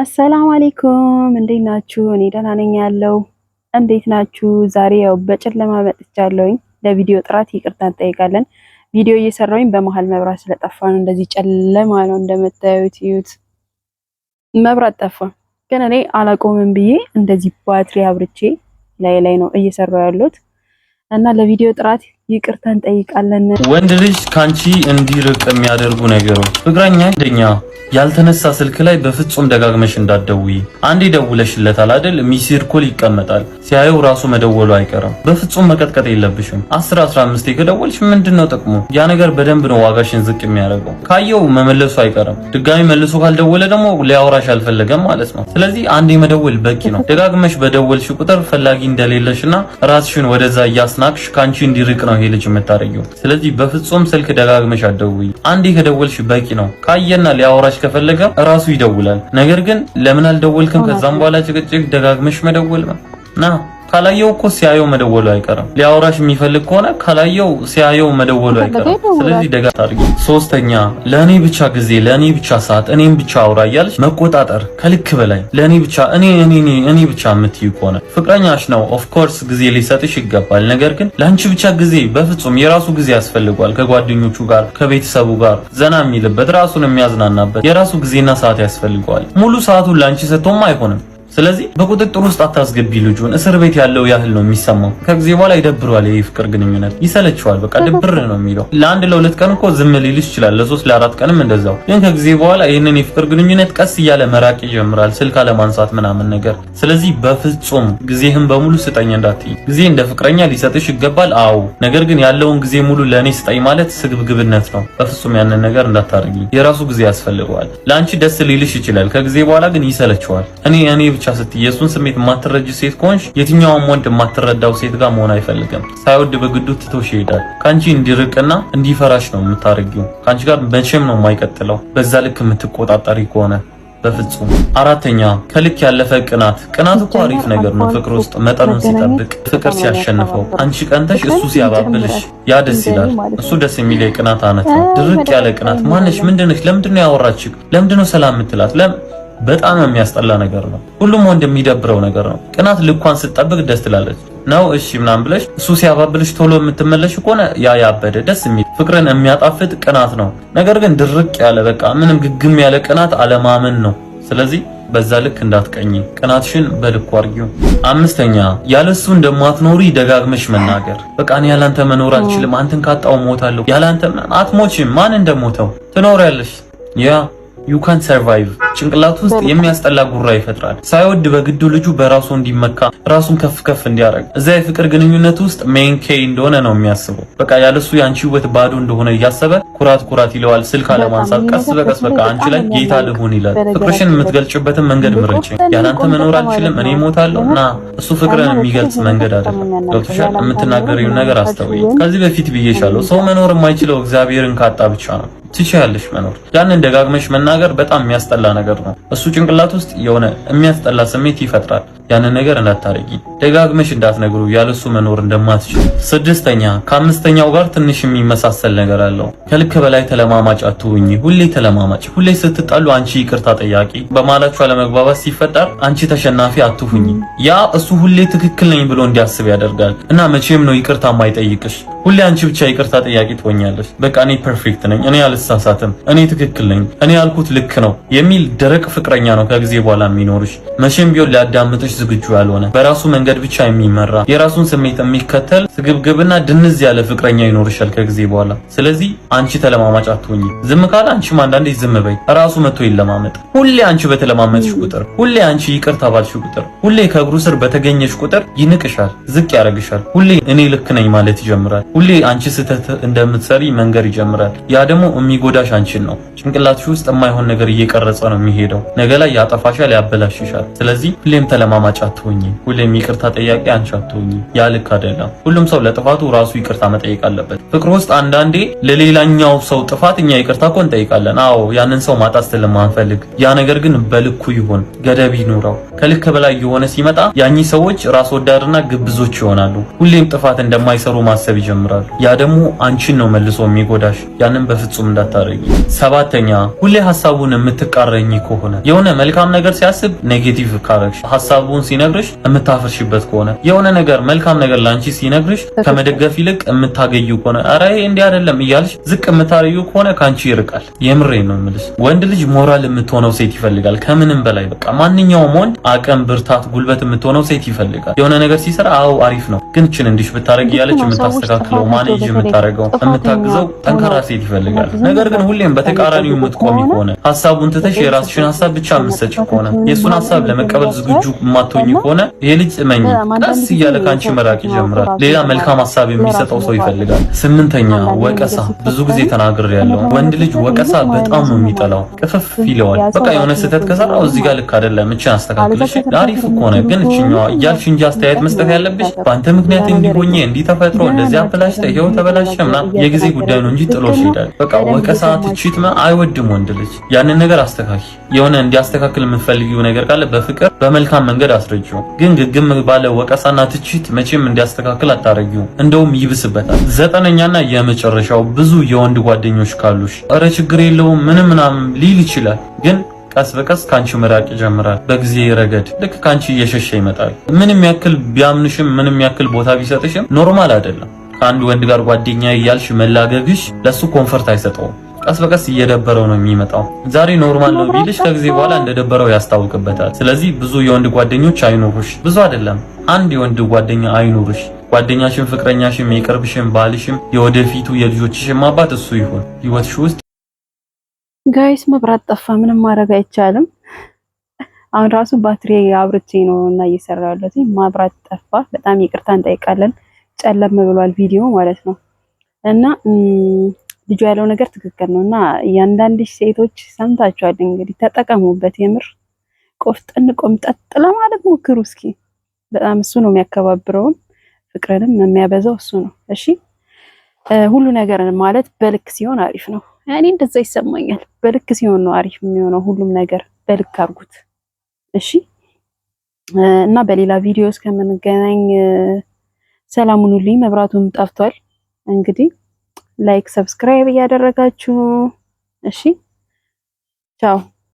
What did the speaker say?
አሰላሙ አሌይኩም እንዴት ናችሁ? እኔ ደህና ነኝ ያለው እንዴት ናችሁ? ዛሬ ያው በጨለማ መጥቻለሁኝ። ለቪዲዮ ጥራት ይቅርታ እንጠይቃለን። ቪዲዮ እየሰራሁኝ በመሀል መብራት ስለጠፋ ነው እንደዚህ ጨለማ ነው እንደምታዩት። ይዩት፣ መብራት ጠፋ። ግን እኔ አላቆምም ብዬ እንደዚህ ባትሪ አብርቼ ላይ ላይ ነው እየሰራሁ ያሉት እና ለቪዲዮ ጥራት ይቅርታ እንጠይቃለን። ወንድ ልጅ ከአንቺ እንዲርቅ የሚያደርጉ ነገሮች ፍቅረኛ እንደኛ ያልተነሳ ስልክ ላይ በፍጹም ደጋግመሽ እንዳትደውይ። አንዴ ደውለሽለታል አይደል? ሚስድ ኮል ይቀመጣል። ሲያየው ራሱ መደወሉ አይቀርም። በፍጹም መቀጥቀጥ የለብሽም። 10 15 ከደወልሽ ምንድነው ጥቅሙ? ያ ነገር በደንብ ነው ዋጋሽን ዝቅ የሚያደርገው። ካየው መመለሱ አይቀርም። ድጋሚ መልሶ ካልደወለ ደግሞ ሊያወራሽ አልፈለገም ማለት ነው። ስለዚህ አንዴ መደወል በቂ ነው። ደጋግመሽ በደወልሽ ቁጥር ፈላጊ እንደሌለሽና ራስሽን ወደዛ እያስናቅሽ ካንቺ እንዲርቅ ነው ይሄ ልጅ የምታደርጊው። ስለዚህ በፍጹም ስልክ ደጋግመሽ አትደውይ። አንዴ ከደወልሽ በቂ ነው። ካየና ሊያወራሽ ከፈለገ ራሱ ይደውላል። ነገር ግን ለምን አልደወልክም ከዛም በኋላ ጭቅጭቅ ደጋግመሽ መደወል ና ካላየው እኮ ሲያየው መደወሉ አይቀርም። ሊያወራሽ የሚፈልግ ከሆነ ካላየው ሲያየው መደወሉ አይቀርም። ስለዚህ ደጋ ታርጊ። ሶስተኛ ለእኔ ብቻ ጊዜ፣ ለእኔ ብቻ ሰዓት፣ እኔም ብቻ አውራ እያለች መቆጣጠር ከልክ በላይ ለእኔ ብቻ እኔ እኔ እኔ ብቻ የምትዩ ከሆነ ፍቅረኛሽ ነው ኦፍኮርስ ጊዜ ሊሰጥሽ ይገባል። ነገር ግን ለአንቺ ብቻ ጊዜ በፍጹም የራሱ ጊዜ ያስፈልጓል። ከጓደኞቹ ጋር ከቤተሰቡ ጋር ዘና የሚልበት ራሱን የሚያዝናናበት የራሱ ጊዜና ሰዓት ያስፈልገዋል። ሙሉ ሰዓቱን ለአንቺ ሰጥቶም አይሆንም። ስለዚህ በቁጥጥር ውስጥ አታስገቢ ልጁን። እስር ቤት ያለው ያህል ነው የሚሰማው። ከጊዜ በኋላ ይደብረዋል። የፍቅር ግንኙነት ይሰለችዋል። በቃ ድብር ነው የሚለው። ለአንድ ለሁለት ቀን እኮ ዝም ሊል ይችላል፣ ለሶስት ለአራት ቀንም እንደዛው። ግን ከጊዜ በኋላ ይህንን የፍቅር ግንኙነት ቀስ እያለ መራቅ ይጀምራል፣ ስልክ አለማንሳት ምናምን ነገር። ስለዚህ በፍጹም ጊዜህን በሙሉ ስጠኝ እንዳትይ። ጊዜ እንደ ፍቅረኛ ሊሰጥሽ ይገባል፣ አዎ። ነገር ግን ያለውን ጊዜ ሙሉ ለእኔ ስጠኝ ማለት ስግብግብነት ነው። በፍጹም ያንን ነገር እንዳታደርጊ። የራሱ ጊዜ ያስፈልገዋል። ለአንቺ ደስ ሊልሽ ይችላል፣ ከጊዜ በኋላ ግን ይሰለችዋል። እኔ እኔ ብቻ ስትይ የእሱን ስሜት የማትረጅ ሴት ከሆንሽ የትኛውም ወንድ የማትረዳው ሴት ጋር መሆን አይፈልግም። ሳይወድ በግዱ ትቶሽ ይሄዳል። ከአንቺ እንዲርቅና እንዲፈራሽ ነው የምታደርጊው። ከአንቺ ጋር መቼም ነው የማይቀጥለው። በዛ ልክ የምትቆጣጠሪ ከሆነ በፍጹም አራተኛ ከልክ ያለፈ ቅናት ቅናት እኮ አሪፍ ነገር ነው ፍቅር ውስጥ መጠኑን ሲጠብቅ ፍቅር ሲያሸንፈው አንቺ ቀንተሽ እሱ ሲያባብልሽ ያ ደስ ይላል እሱ ደስ የሚል የቅናት አይነት ነው ድርቅ ያለ ቅናት ማነሽ ምንድነሽ ለምንድነው ያወራችሁ ለምንድነው ሰላም የምትላት በጣም የሚያስጠላ ነገር ነው። ሁሉም ወንድ የሚደብረው ነገር ነው። ቅናት ልኳን ስትጠብቅ ደስ ትላለች ነው እሺ ምናምን ብለሽ እሱ ሲያባብልሽ ቶሎ የምትመለሽ ከሆነ ያ ያበደ ደስ የሚል ፍቅርን የሚያጣፍጥ ቅናት ነው። ነገር ግን ድርቅ ያለ በቃ ምንም ግግም ያለ ቅናት አለማመን ነው። ስለዚህ በዛ ልክ እንዳትቀኝ፣ ቅናትሽን በልኩ አድርጊው። አምስተኛ ያለሱ እንደማትኖሪ ደጋግመሽ መናገር። በቃ እኔ ያላንተ መኖር አልችልም፣ አንተን ካጣው ሞታለሁ። ያላንተ አትሞችም። ማን እንደሞተው ትኖሪያለሽ ያ ዩካን ሰርቫይቭ ጭንቅላት ውስጥ የሚያስጠላ ጉራ ይፈጥራል። ሳይወድ በግዱ ልጁ በራሱ እንዲመካ ራሱን ከፍ ከፍ እንዲያደርግ እዛ የፍቅር ግንኙነት ውስጥ ሜን ኬይ እንደሆነ ነው የሚያስበው። በቃ ያለሱ የአንቺ ውበት ባዶ እንደሆነ እያሰበ ኩራት ኩራት ይለዋል። ስልክ አለማንሳት፣ ቀስ በቀስ በቃ አንቺ ላይ ጌታ ልሆን ይላል። ፍቅርሽን የምትገልጭበትን መንገድ ምረጭ። ያላንተ መኖር አልችልም እኔ ሞታለሁ እና እሱ ፍቅርን የሚገልጽ መንገድ አይደለም። ገብቶሻል? የምትናገሪውን ነገር አስተውይ። ከዚህ በፊት ብዬሻለሁ፣ ሰው መኖር የማይችለው እግዚአብሔርን ካጣ ብቻ ነው። ትችያለሽ መኖር። ያንን ደጋግመሽ መናገር በጣም የሚያስጠላ ነገር ነው። እሱ ጭንቅላት ውስጥ የሆነ የሚያስጠላ ስሜት ይፈጥራል። ያንን ነገር እንዳታረጊ፣ ደጋግመሽ እንዳትነግሩ ያለሱ መኖር እንደማትችል። ስድስተኛ ከአምስተኛው ጋር ትንሽ የሚመሳሰል ነገር አለው። ከልክ በላይ ተለማማጭ አትሁኝ። ሁሌ ተለማማጭ፣ ሁሌ ስትጣሉ አንቺ ይቅርታ ጠያቂ፣ በማላችሁ አለመግባባት ሲፈጠር አንቺ ተሸናፊ አትሁኝ። ያ እሱ ሁሌ ትክክል ነኝ ብሎ እንዲያስብ ያደርጋል እና መቼም ነው ይቅርታ ማይጠይቅሽ ሁሌ አንቺ ብቻ ይቅርታ ጠያቂ ትሆኛለሽ። በቃ እኔ ፐርፌክት ነኝ፣ እኔ አልሳሳትም፣ እኔ ትክክል ነኝ፣ እኔ ያልኩት ልክ ነው የሚል ደረቅ ፍቅረኛ ነው ከጊዜ በኋላ የሚኖርሽ። መቼም ቢሆን ሊያዳምጥሽ ዝግጁ ያልሆነ በራሱ መንገድ ብቻ የሚመራ የራሱን ስሜት የሚከተል ስግብግብና ድንዝ ያለ ፍቅረኛ ይኖርሻል ከጊዜ በኋላ። ስለዚህ አንቺ ተለማማጭ አትሆኚ። ዝም ካለ አንቺም አንዳንዴ ዝም በይ፣ ራሱ መጥቶ ይለማመጥ። ሁሌ አንቺ በተለማመጥሽ ቁጥር፣ ሁሌ አንቺ ይቅርታ ባልሽ ቁጥር፣ ሁሌ ከእግሩ ስር በተገኘሽ ቁጥር ይንቅሻል፣ ዝቅ ያደርግሻል። ሁሌ እኔ ልክ ነኝ ማለት ይጀምራል። ሁሌ አንቺ ስህተት እንደምትሰሪ መንገር ይጀምራል። ያ ደግሞ የሚጎዳሽ አንቺን ነው። ጭንቅላትሽ ውስጥ የማይሆን ነገር እየቀረጸ ነው የሚሄደው። ነገ ላይ ያጠፋሻል፣ ያበላሽሻል። ስለዚህ ሁሌም ተለማማጭ አትሆኚ፣ ሁሌም ይቅርታ ጠያቂ አንቺ አትሆኚ። ያ ልክ አይደለም። ሁሉም ሰው ለጥፋቱ ራሱ ይቅርታ መጠየቅ አለበት። ፍቅር ውስጥ አንዳንዴ ለሌላኛው ሰው ጥፋት እኛ ይቅርታ እኮ እንጠይቃለን። አዎ ያንን ሰው ማጣት ስለማንፈልግ፣ ያ ነገር ግን በልኩ ይሁን፣ ገደብ ይኑረው። ከልክ በላይ የሆነ ሲመጣ ያኚህ ሰዎች ራስ ወዳድና ግብዞች ይሆናሉ። ሁሌም ጥፋት እንደማይሰሩ ማሰብ ይጀምራል። ያስተምራል። ያ ደግሞ አንቺን ነው መልሶ የሚጎዳሽ። ያንን በፍጹም እንዳታደርጊ። ሰባተኛ ሁሌ ሀሳቡን የምትቃረኝ ከሆነ የሆነ መልካም ነገር ሲያስብ ኔጌቲቭ ካረግሽ፣ ሀሳቡን ሲነግርሽ የምታፈርሽበት ከሆነ የሆነ ነገር መልካም ነገር ለአንቺ ሲነግርሽ ከመደገፍ ይልቅ የምታገዩ ከሆነ ኧረ እንዲህ አይደለም እያልሽ ዝቅ የምታረዩ ከሆነ ከአንቺ ይርቃል። የምሬ ነው የምልሽ። ወንድ ልጅ ሞራል የምትሆነው ሴት ይፈልጋል። ከምንም በላይ በቃ ማንኛውም ወንድ አቅም፣ ብርታት፣ ጉልበት የምትሆነው ሴት ይፈልጋል። የሆነ ነገር ሲሰራ አው አሪፍ ነው ግን ችን እንዲሽ ብታረግ እያለች የምታስተካክል የምትችለው ማኔጅ የምታደርገው የምታግዘው ጠንካራ ሴት ይፈልጋል። ነገር ግን ሁሌም በተቃራኒው የምትቆሚ ከሆነ ሀሳቡን ትተሽ የራስሽን ሀሳብ ብቻ የምትሰጪ ከሆነ የእሱን ሀሳብ ለመቀበል ዝግጁ የማትሆኝ ከሆነ ይሄ ልጅ መኝ ቀስ እያለ ከአንቺ መራቅ ይጀምራል። ሌላ መልካም ሀሳብ የሚሰጠው ሰው ይፈልጋል። ስምንተኛ ወቀሳ። ብዙ ጊዜ ተናግር ያለው ወንድ ልጅ ወቀሳ በጣም ነው የሚጠላው። ቅፍፍ ይለዋል። በቃ የሆነ ስህተት ከሰራው እዚህ ጋር ልክ አይደለም እችን አስተካክለሽ አሪፍ ከሆነ ግን እችኛዋ እያልሽ እንጂ አስተያየት መስጠት ያለብሽ በአንተ ምክንያት እንዲሆኜ እንዲተፈጥሮ እንደዚህ ተበላሽተ ይሄው ተበላሽተ ምናምን የጊዜ ጉዳይ ነው እንጂ ጥሎሽ ይሄዳል። በቃ ወቀሳ፣ ትችት አይወድም ወንድ ልጅ። ያንን ነገር አስተካኪ። የሆነ እንዲያስተካክል የምትፈልጊው ነገር ካለ በፍቅር በመልካም መንገድ አስረጂው። ግን ግግም ባለ ወቀሳና ትችት መቼም እንዲያስተካክል አታረጊው፣ እንደውም ይብስበታል። ዘጠነኛና የመጨረሻው ብዙ የወንድ ጓደኞች ካሉሽ እረ ችግር የለውም ምንም ምናምን ሊል ይችላል ግን ቀስ በቀስ ካንቺ መራቅ ይጀምራል። በጊዜ ረገድ ልክ ካንቺ እየሸሸ ይመጣል። ምንም ያክል ቢያምንሽም ምንም ያክል ቦታ ቢሰጥሽም ኖርማል አይደለም። ከአንድ ወንድ ጋር ጓደኛ እያልሽ መላገግሽ ለሱ ኮንፈርት አይሰጠውም። ቀስ በቀስ እየደበረው ነው የሚመጣው። ዛሬ ኖርማል ነው ቢልሽ ከጊዜ በኋላ እንደደበረው ያስታውቅበታል። ስለዚህ ብዙ የወንድ ጓደኞች አይኖሩሽ። ብዙ አይደለም አንድ የወንድ ጓደኛ አይኖርሽ። ጓደኛሽም፣ ፍቅረኛሽም፣ የቅርብሽም፣ ባልሽም፣ የወደፊቱ የልጆችሽም አባት እሱ ይሁን ህይወትሽ ውስጥ። ጋይስ መብራት ጠፋ፣ ምንም ማድረግ አይቻልም። አሁን ራሱ ባትሪ አብርቼ ነው እና እየሰራ ያለሁት። መብራት ጠፋ፣ በጣም ይቅርታ እንጠይቃለን። ጨለም ብሏል ቪዲዮ ማለት ነው። እና ልጁ ያለው ነገር ትክክል ነው። እና እያንዳንድ ሴቶች ሰምታችኋል እንግዲህ ተጠቀሙበት። የምር ቆፍጥን ቆምጠጥ ለማለት ሞክሩ እስኪ። በጣም እሱ ነው የሚያከባብረውም ፍቅርንም የሚያበዛው እሱ ነው። እሺ ሁሉ ነገር ማለት በልክ ሲሆን አሪፍ ነው። እኔ እንደዛ ይሰማኛል። በልክ ሲሆን ነው አሪፍ የሚሆነው ሁሉም ነገር በልክ አድርጉት። እሺ እና በሌላ ቪዲዮ እስከምንገናኝ ሰላም ሁኑልኝ። መብራቱም ጠፍቷል። እንግዲህ ላይክ፣ ሰብስክራይብ እያደረጋችሁ እሺ፣ ቻው።